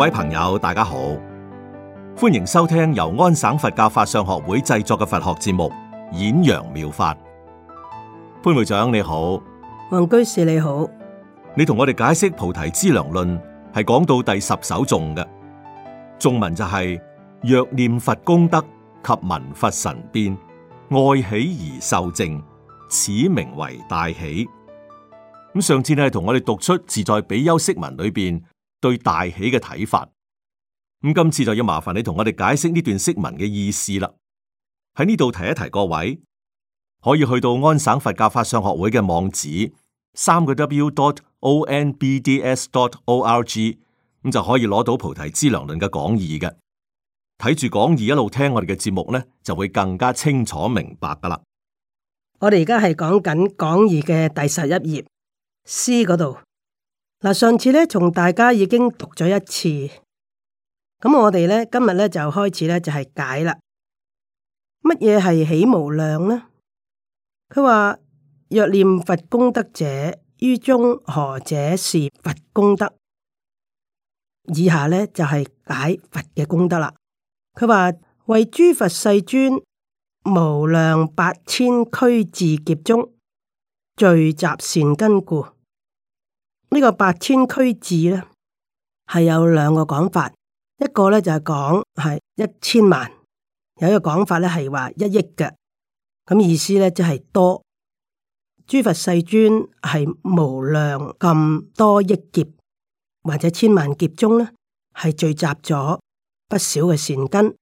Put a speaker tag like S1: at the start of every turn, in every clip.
S1: 各位朋友，大家好，歡迎收聽由安省佛教法相學會製作嘅佛學節目《演揚妙法》。潘會長你好，
S2: 黃居士你好，
S1: 你同我哋解釋《菩提資糧論》係講到第十首頌嘅，頌文就係、是、若念佛功德及聞佛神變，愛喜而受正，此名為大喜。咁上次你係同我哋讀出自在比丘釋文裏邊。對大喜嘅睇法，咁今次就要麻煩你同我哋解釋呢段釋文嘅意思啦。喺呢度提一提，各位可以去到安省佛教法商學會嘅網址，三個 W dot O N B D S dot O R G，咁就可以攞到菩提資糧論嘅講義嘅。睇住講義一路聽我哋嘅節目咧，就會更加清楚明白噶啦。
S2: 我哋而家係講緊講義嘅第十一頁，C 嗰度。嗱，上次咧同大家已經讀咗一次，咁我哋咧今日咧就開始咧就係解啦。乜嘢係起無量呢？佢話若念佛功德者，於中何者是佛功德？以下咧就係解佛嘅功德啦。佢話為諸佛世尊無量八千俱致劫中聚集善根故。呢個八千俱胝呢，係有兩個講法，一個呢，就係講係一千萬，有一個講法呢，係話一億嘅，咁意思呢，即係多。諸佛世尊係無量咁多億劫或者千萬劫中呢，係聚集咗不少嘅善根，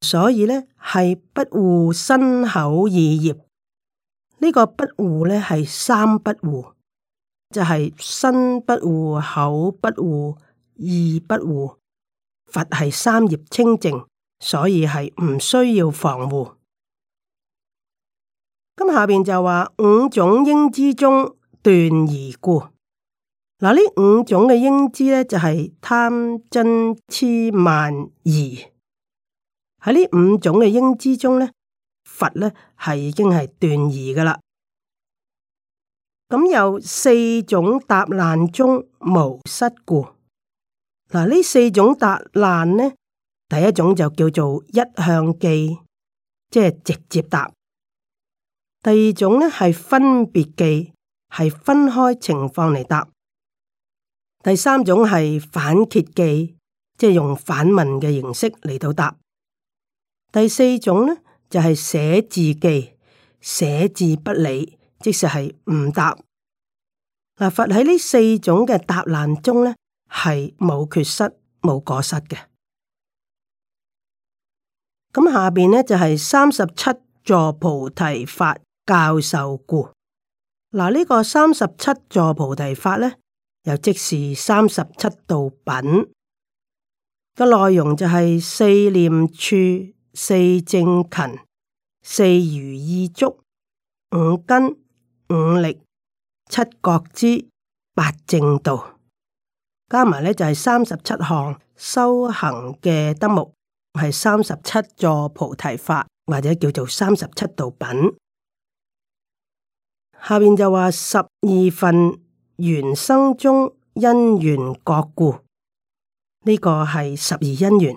S2: 所以呢，係不護身口意業，呢個不護呢，係三不護。就係身不護、口不護、意不護，佛係三業清淨，所以係唔需要防護。咁下邊就話五種應知中斷疑故，嗱呢五種嘅應知咧就係貪、嗔、痴、慢、疑。喺呢五種嘅應知中咧，佛咧係已經係斷疑噶啦。咁、嗯、有四種答難中無失故，嗱呢四種答難呢，第一種就叫做一向記，即係直接答，第二種呢係分別記，係分開情況嚟答，第三種係反詰記，即係用反問嘅形式嚟到答，第四種呢就係、是、寫字記，寫字不理。即使係唔答，嗱，佛喺呢四種嘅答難中呢，係冇缺失、冇過失嘅。咁、嗯、下邊呢，就係、是、三十七助菩提法教授故。嗱、嗯，呢、這個三十七助菩提法呢，又即是三十七道品嘅內容，就係四念處、四正勤、四如意足、五根。五力、七覺支、八正道，加埋呢就係、是、三十七項修行嘅德目，係三十七座菩提法，或者叫做三十七道品。下面就話十二份緣生中因緣各故，呢、這個係十二因緣。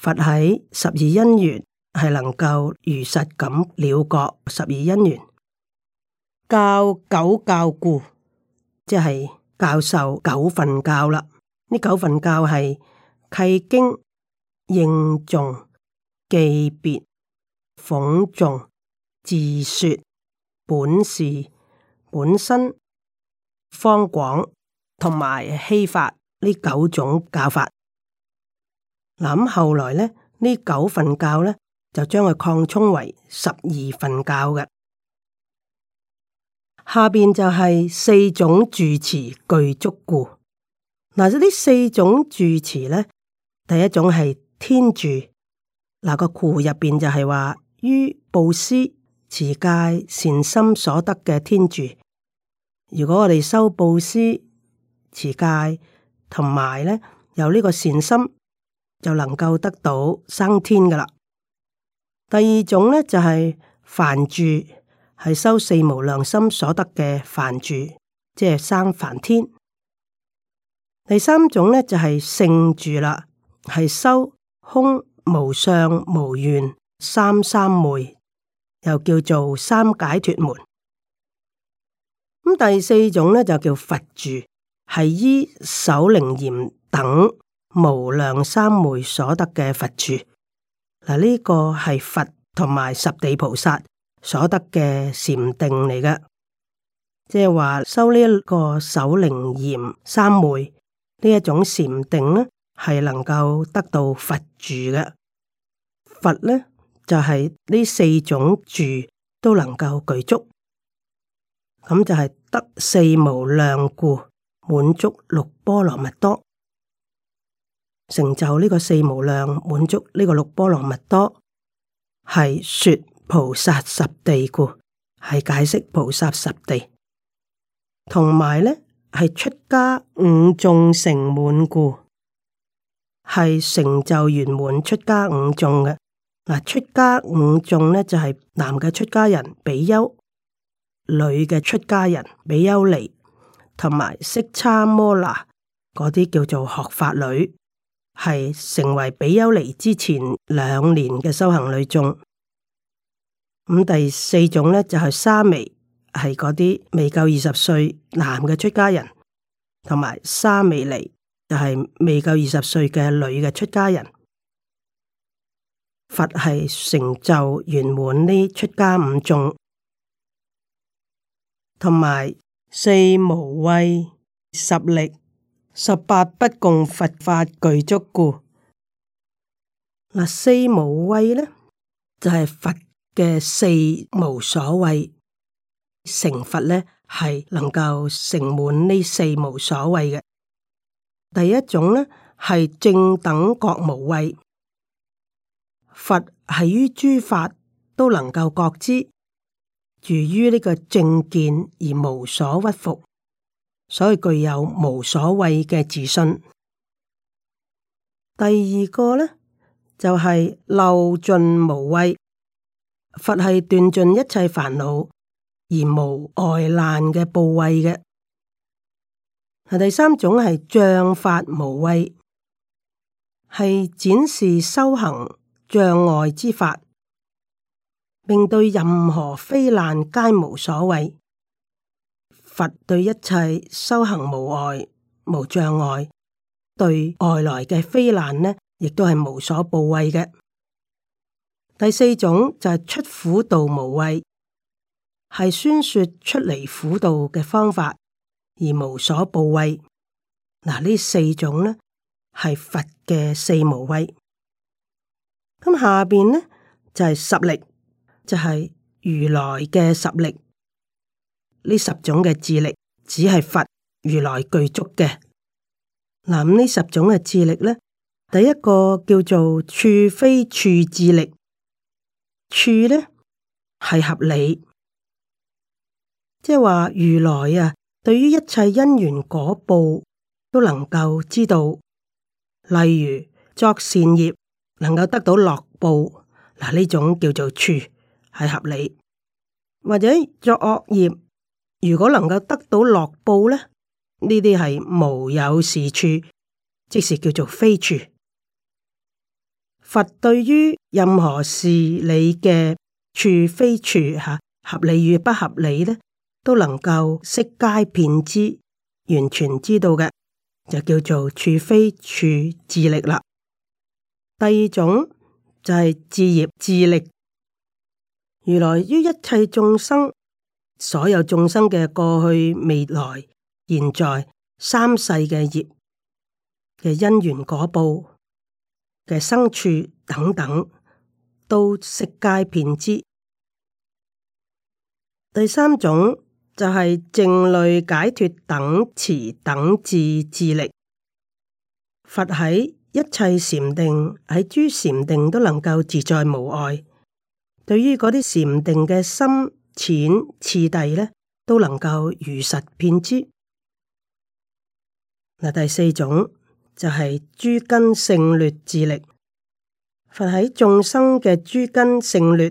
S2: 佛喺十二因緣係能夠如實咁了覺十二因緣。教九教故，即係教授九分教啦。呢九分教係契經、應頌、記別、諷誦、自說、本事、本身、方廣同埋希法呢九種教法。嗱，咁後來咧，呢九分教呢，就將佢擴充為十二分教嘅。下邊就係四種住持具足故，嗱，呢四種住持呢，第一種係天住，嗱、這個故入邊就係話於布施持戒善心所得嘅天住。如果我哋修布施持戒同埋咧有呢有個善心，就能夠得到生天噶啦。第二種呢，就係凡住。係修四無量心所得嘅梵住，即係生梵天。第三種呢，就係聖住啦，係修空無相無願三三昧，又叫做三解脫門。咁第四種呢，就叫佛住，係依首楞嚴等無量三昧所得嘅佛住。嗱，呢個係佛同埋十地菩薩。所得嘅禪定嚟嘅，即係話修呢一個首楞嚴三昧呢一種禪定咧，係能夠得到佛住嘅佛咧，就係、是、呢四種住都能夠具足。咁就係得四無量故滿足六波羅蜜多，成就呢個四無量滿足呢個六波羅蜜多係說菩薩十地故，係解釋菩薩十地，同埋呢係出家五眾成滿故，係成就圓滿出家五眾嘅嗱。出家五眾呢，就係、是、男嘅出家人比丘，女嘅出家人比丘尼，同埋式叉摩那嗰啲叫做學法女，係成為比丘尼之前兩年嘅修行女眾。咁第四種呢，就係沙彌，係嗰啲未夠二十歲男嘅出家人，同埋沙彌尼，就係未夠二十歲嘅女嘅出家人。佛係成就圓滿呢出家五眾，同埋四無畏、十力、十八不共佛法具足故。嗱，四無畏呢，就係佛。嘅四無所畏，成佛呢係能夠成滿呢四無所畏嘅。第一種呢係正等覺無畏，佛係於諸法都能夠覺知，住於呢個正見而無所屈服，所以具有無所畏嘅自信。第二個呢，就係漏盡無畏。佛係斷盡一切煩惱而無外難嘅怖畏嘅，第三種係障法無畏，係展示修行障礙之法，並對任何非難皆無所畏。佛對一切修行無礙，無障礙，對外來嘅非難呢，亦都係無所怖畏嘅。第四種就係出苦道無畏，係宣說出離苦道嘅方法而無所怖畏。嗱，呢四種咧係佛嘅四無畏。咁下邊咧就係、是、十力，就係、是、如來嘅十力。呢十種嘅智力只係佛如來具足嘅。嗱，呢十種嘅智力咧，第一個叫做處非處智力。處呢係合理，即係話如來啊，對於一切因緣果報都能夠知道。例如作善業能夠得到樂報，嗱，呢種叫做處係合理；或者作惡業如果能夠得到樂報呢，呢啲係無有是處，即是叫做非處。佛對於任何事理嘅處非處，合理與不合理咧，都能夠悉皆遍知，完全知道嘅，就叫做處非處智力啦。第二種就係智業智力，如來於一切眾生，所有眾生嘅過去、未來、現在三世嘅業嘅因緣果報。嘅牲畜等等，都悉皆辨知。第三種就係靜慮解脫等持等至智，智，智力，佛喺一切禪定喺諸禪定都能夠自在無礙。對於嗰啲禪定嘅深淺次第呢都能夠如實辨知。嗱，第四種。就係諸根勝劣智力，佛喺眾生嘅諸根勝劣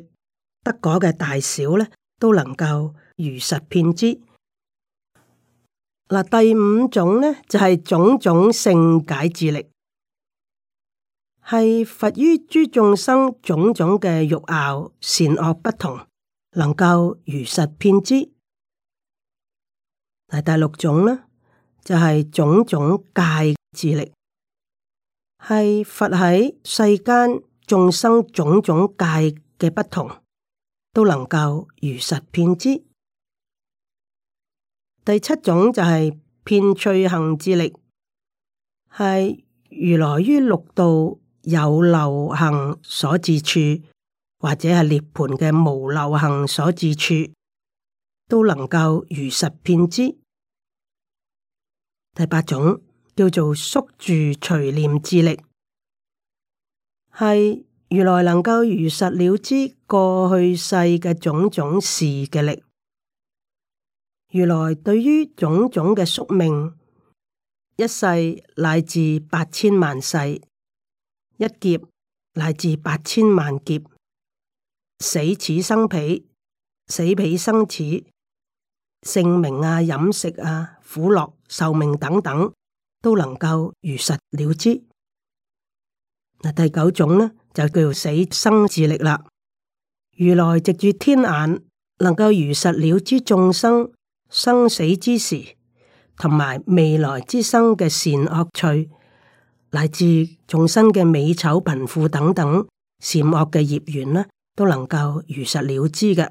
S2: 得果嘅大小咧，都能夠如實遍知。嗱，第五種咧就係、是、種種勝解智力，係佛於諸眾生種種嘅欲拗善惡不同，能夠如實遍知。嚟，第六種啦。就係種種界智力，係佛喺世間眾生種種界嘅不同，都能夠如實遍知。第七種就係遍趣行智力，係如來於六道有漏行所至處，或者係涅槃嘅無漏行所至處，都能夠如實遍知。第八種叫做宿住隨念智力，係如來能夠如實了知過去世嘅種種事嘅力。如來對於種種嘅宿命，一世乃至八千萬世，一劫乃至八千萬劫，死此生彼，死彼生此，姓名啊、飲食啊、苦樂。壽命等等都能夠如實了知。嗱，第九種呢，就叫死生智力啦。如來藉住天眼，能夠如實了知。眾生生死之時，同埋未來之生嘅善惡趣，乃至眾生嘅美醜貧富等等，善惡嘅業緣呢，都能夠如實了知。嘅。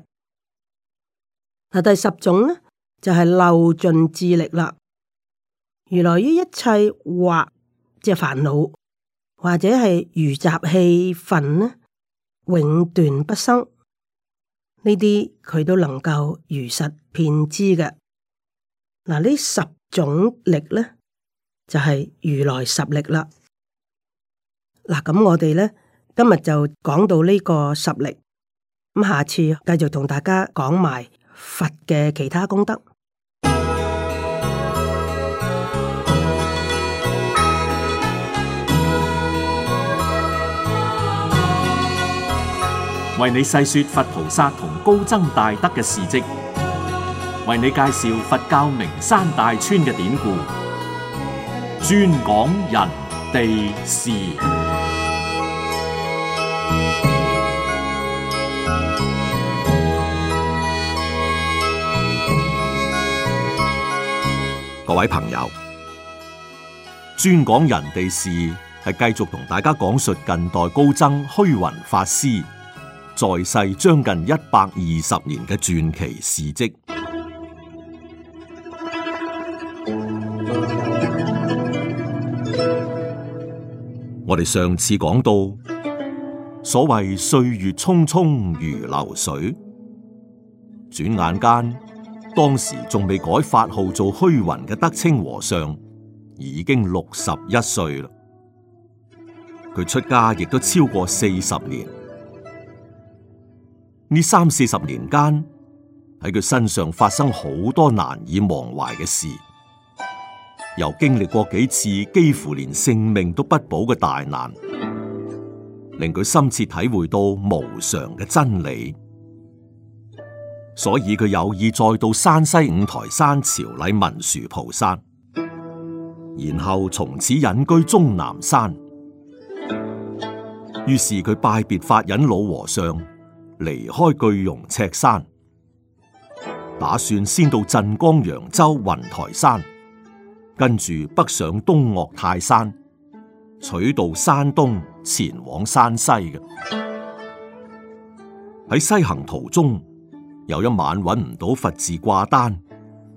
S2: 嗱，第十種呢，就係漏盡智力啦。如來於一切惑即係煩惱，或者係如習氣份呢，永斷不生呢啲，佢都能夠如實遍知嘅。嗱，呢十種力呢，就係如來十力啦。嗱，咁我哋呢今日就講到呢個十力，咁下次繼續同大家講埋佛嘅其他功德。
S1: 為你細說佛菩薩同高僧大德嘅事蹟，為你介紹佛教名山大川嘅典故，專講人地事。各位朋友，專講人地事係繼續同大家講述近代高僧虛雲法師，在世將近一百二十年嘅傳奇事迹，我哋上次講到，所謂歲月匆匆如流水，轉眼間，當時仲未改法號做虛雲嘅德清和尚，已經六十一歲啦。佢出家亦都超過四十年。呢三四十年間，喺佢身上發生好多難以忘懷嘅事，又經歷過幾次幾乎連性命都不保嘅大難，令佢深切體會到無常嘅真理。所以佢有意再到山西五台山朝禮文殊菩薩，然後從此隱居終南山。於是佢拜別法忍老和尚。離開句容赤山，打算先到鎮江揚州雲台山，跟住北上東嶽泰山，取道山東前往山西嘅。喺西行途中，有一晚搵唔到佛寺掛單，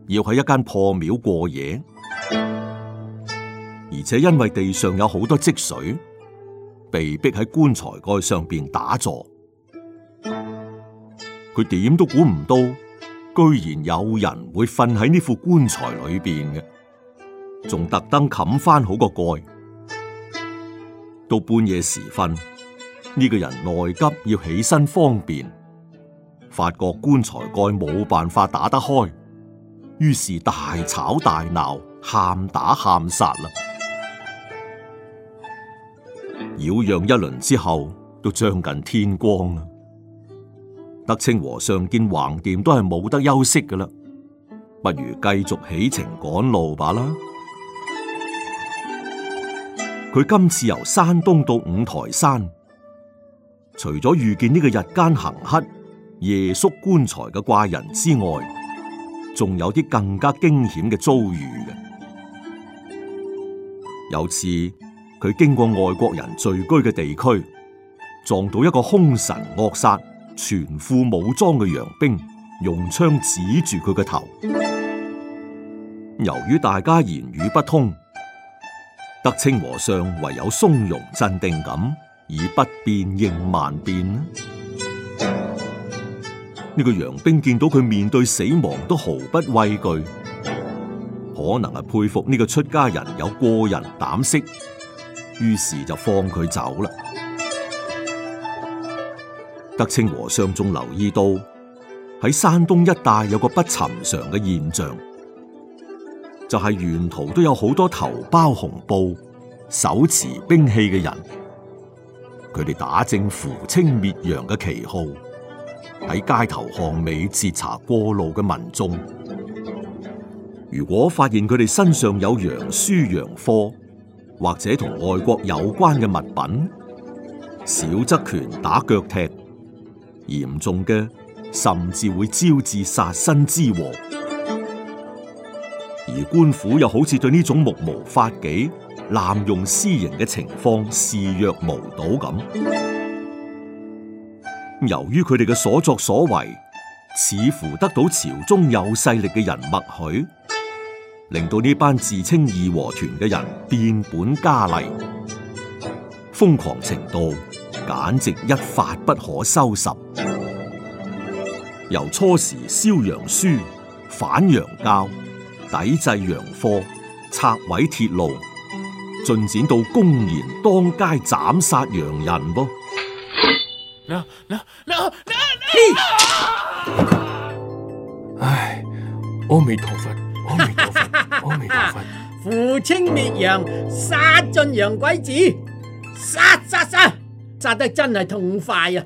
S1: 要喺一間破廟過夜，而且因為地上有好多積水，被逼喺棺材蓋上邊打坐。佢點都估唔到，居然有人會瞓喺呢副棺材裏邊嘅，仲特登冚翻好個蓋。到半夜時分，呢個人內急要起身方便，發覺棺材蓋冇辦法打得開，於是大吵大鬧，喊打喊殺啦。擾攘一輪之後，都將近天光啦。.德清和尚見橫掂都係冇得休息噶啦，不如繼續起程趕路吧啦。佢今次由山東到五台山，除咗遇見呢個日間行乞、夜宿棺材嘅怪人之外，仲有啲更加驚險嘅遭遇嘅。有次佢經過外國人聚居嘅地區，撞到一個兇神惡煞。全副武裝嘅洋兵用槍指住佢嘅頭，由於大家言語不通， 德清和尚唯有從容鎮定咁，以不變應萬變。呢 個洋兵見到佢面對死亡都毫不畏懼，可能係佩服呢個出家人有過人膽識，於是就放佢走啦。德清和尚仲留意到喺山東一帶有個不尋常嘅現象，就係、是、沿途都有好多頭包紅布、手持兵器嘅人，佢哋打正扶清滅洋嘅旗號，喺街頭巷尾截查過路嘅民眾。如果發現佢哋身上有洋書洋、洋貨或者同外國有關嘅物品，少則拳打腳踢。嚴重嘅，甚至會招致殺身之禍。而官府又好似對呢種目無法紀、濫用私刑嘅情況視若無睹咁。由於佢哋嘅所作所為，似乎得到朝中有勢力嘅人默許，令到呢班自稱義和團嘅人變本加厲，瘋狂程度。簡直一發不可收拾。由初時燒洋書、反洋教、抵制洋貨、拆毀鐵路，進展到公然當街斬殺洋人噃。
S2: 嗱、啊啊啊啊啊、哎、阿彌陀佛，阿彌陀
S3: 佛，阿彌陀佛！
S4: 扶清滅洋，殺盡洋鬼子，殺殺殺！殺得真係痛快啊！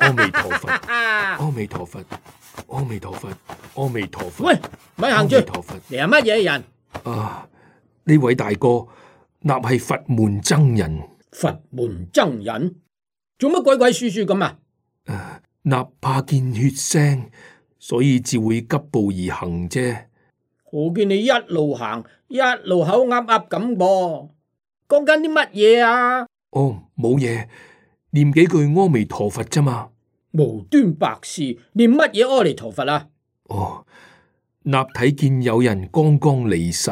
S4: 阿彌陀
S3: 佛，阿彌陀佛，阿彌陀佛，阿彌陀佛。喂，
S4: 咪行住，你係乜嘢人？
S3: 啊，呢位大哥，衲係佛門僧人。佛門僧
S4: 人，做乜鬼鬼祟祟咁啊？
S3: 誒，衲怕見血腥，所以只會急步而行啫。
S4: 我見你一路行，一路口噏噏咁噃，講緊啲乜嘢啊？
S3: 哦，冇嘢，念幾句阿彌陀佛啫嘛。無
S4: 端白事，念乜嘢阿彌陀佛啊？哦，
S3: 立體見有人剛剛離世，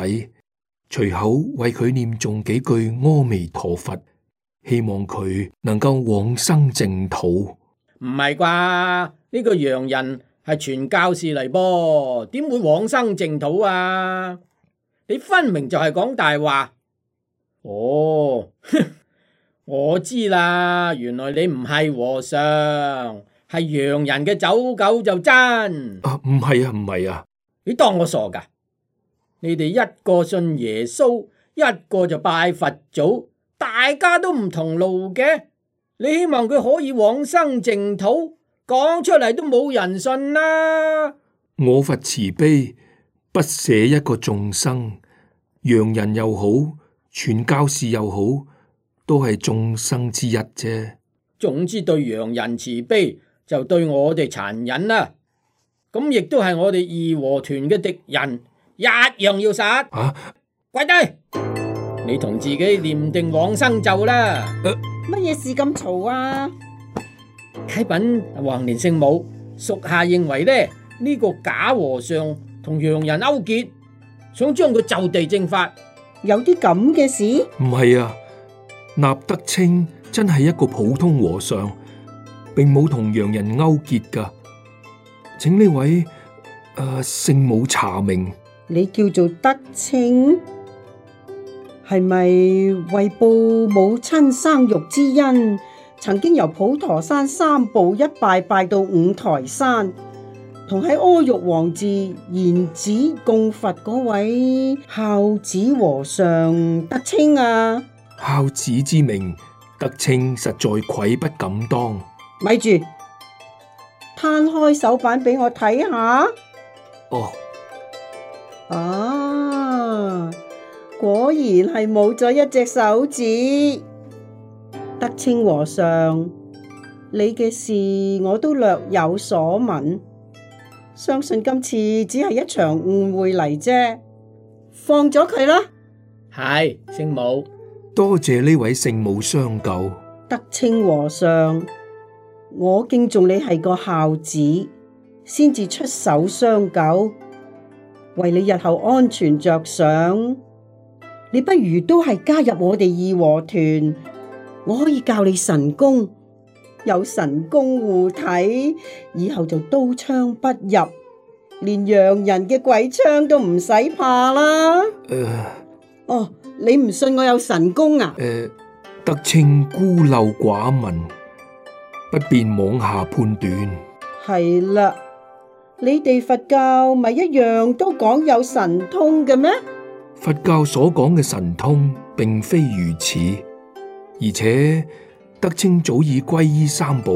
S3: 隨口為佢念誦幾句阿彌陀佛，希望佢能夠往生淨土。
S4: 唔係啩？呢個洋人係傳教士嚟噃，點會往生淨土啊？你分明就係講大話。哦。 我知啦，原來你唔係和尚，係洋人嘅走狗就真。啊，唔係啊，唔係啊，你當我傻噶？你哋一個信耶穌，一個就拜佛祖，大家都唔同路嘅。你希望佢可以往生淨土，講出嚟都冇人信啦。
S3: 我佛慈悲，不捨一個眾生，洋人又好，傳教士又好。都係眾生之一啫。
S4: 總之對洋人慈悲，就對我哋殘忍啦。咁亦都係我哋義和團嘅敵人，一樣要殺。啊！跪低，你同自己念定往生咒啦。乜嘢事咁嘈啊？啟稟、啊、黃年聖母，屬下認為咧，呢、這個假和尚同洋人勾結，想將佢就地正
S5: 法。有啲咁嘅事？
S3: 唔係啊。納德清真係一個普通和尚，並冇同洋人勾結噶，請呢位誒聖母查明。
S5: 你叫做德清，係咪為報母親生育之恩，曾經由普陀山三步一拜拜到五台山，同喺阿育王寺燃指供佛嗰位孝子和尚德清啊？
S3: 孝子之名，德清實在愧不敢當。
S5: 咪住，攤開手板俾我睇下。哦，啊，果然係冇咗一隻手指。德清和尚，你嘅事我都略有所聞，相信今次只係一場誤會嚟啫。放咗佢啦。
S3: 係，聖母。多謝呢位聖母相救。
S5: 德清和尚，我敬重你係個孝子，先至出手相救，為你日後安全着想，你不如都係加入我哋義和團，我可以教你神功，有神功護體，以後就刀槍不入，連洋人嘅鬼槍都唔使怕啦。哦、呃。Oh, 你唔信我有神功啊？
S3: 誒，德清孤陋寡聞，不便妄下判斷。
S5: 係啦，你哋佛教咪一樣都講有神通嘅咩？
S3: 佛教所講嘅神通並非如此，而且德清早已皈依三寶，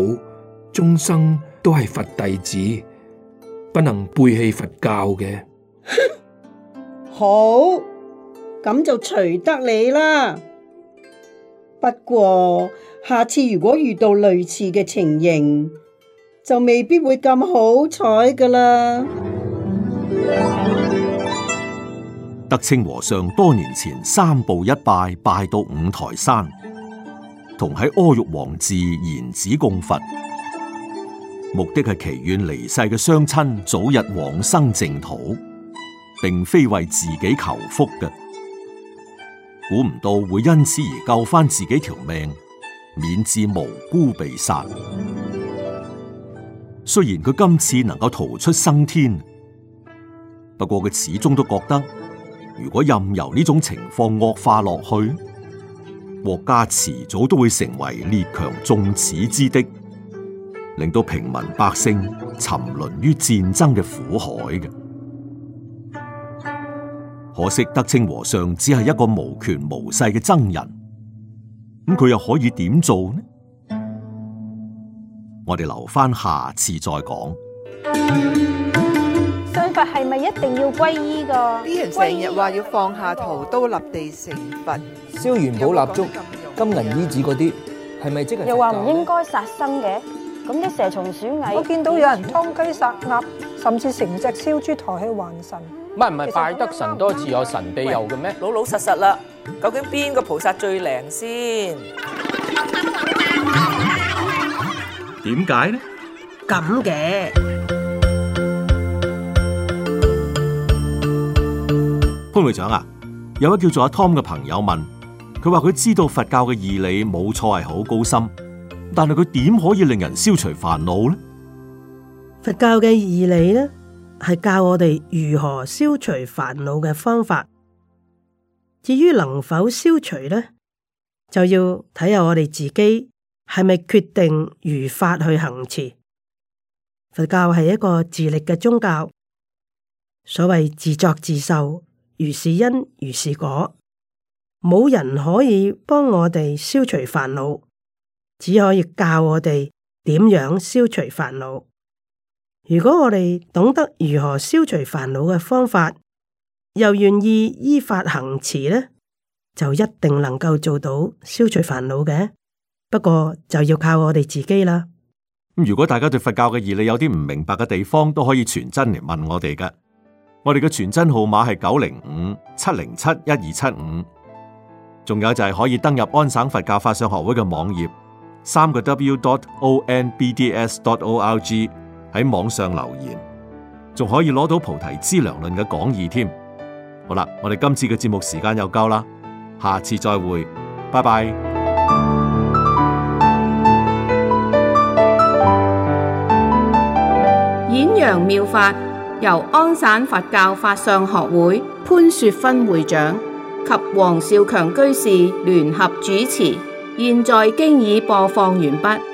S3: 終生都係佛弟子，不能背棄佛教嘅。
S5: 好。咁就隨得你啦。不過下次如果遇到類似嘅情形，就未必會咁好彩噶啦。
S1: 德清和尚多年前三步一拜，拜到五台山，同喺阿育王寺燃指供佛，目的係祈願離世嘅雙親早日往生淨土，並非為自己求福嘅。估唔到會因此而救翻自己條命，免至無辜被殺。雖然佢今次能夠逃出生天，不過佢始終都覺得，如果任由呢種情況惡化落去，國家遲早都會成為列強眾矢之的，令到平民百姓沉淪於戰爭嘅苦海嘅。可惜德清和尚只係一個無權無勢嘅僧人，咁佢又可以點做呢？我哋留翻下，下次再講。
S5: 信佛係咪一定要皈依噶？啲人成日話要放下屠刀立地成佛，
S3: 燒元寶蠟燭、金銀衣紙嗰啲，係咪即
S4: 係？又話唔應
S5: 該殺生嘅，咁啲蛇蟲鼠蟻，我見到有人劏雞殺鴨，甚至成隻燒豬抬去還神。
S4: 唔係唔係，拜得神多自有神庇佑嘅咩？老老實實啦，究竟邊個菩薩最靈先？
S1: 點解呢？
S2: 咁嘅
S1: 潘會長啊，有位叫做阿 Tom 嘅朋友問，佢話佢知道佛教嘅義理冇錯係好高深，但係佢點可以令人消除煩惱呢？
S2: 佛教嘅義理呢？係教我哋如何消除煩惱嘅方法。至於能否消除呢？就要睇下我哋自己係咪決定如法去行持。佛教係一個自力嘅宗教，所謂自作自受，如是因如是果，冇人可以幫我哋消除煩惱，只可以教我哋點樣消除煩惱。如果我哋懂得如何消除煩惱嘅方法，又願意依法行持咧，就一定能夠做到消除煩惱嘅。不過就要靠我哋自己啦。
S1: 如果大家對佛教嘅義理有啲唔明白嘅地方，都可以傳真嚟問我哋㗎。我哋嘅傳真號碼係九零五七零七一二七五，仲有就係可以登入安省佛教法相學會嘅網頁，三個 W 點 O N B D S 點 O R G。喺網上留言，仲可以攞到《菩提資糧論》嘅講義添。好啦，我哋今次嘅節目時間又夠啦，下次再會，拜拜。
S5: 演揚妙法由安省佛教法相學會潘雪芬會長及黃少強居士聯合主持，現在已經已播放完畢。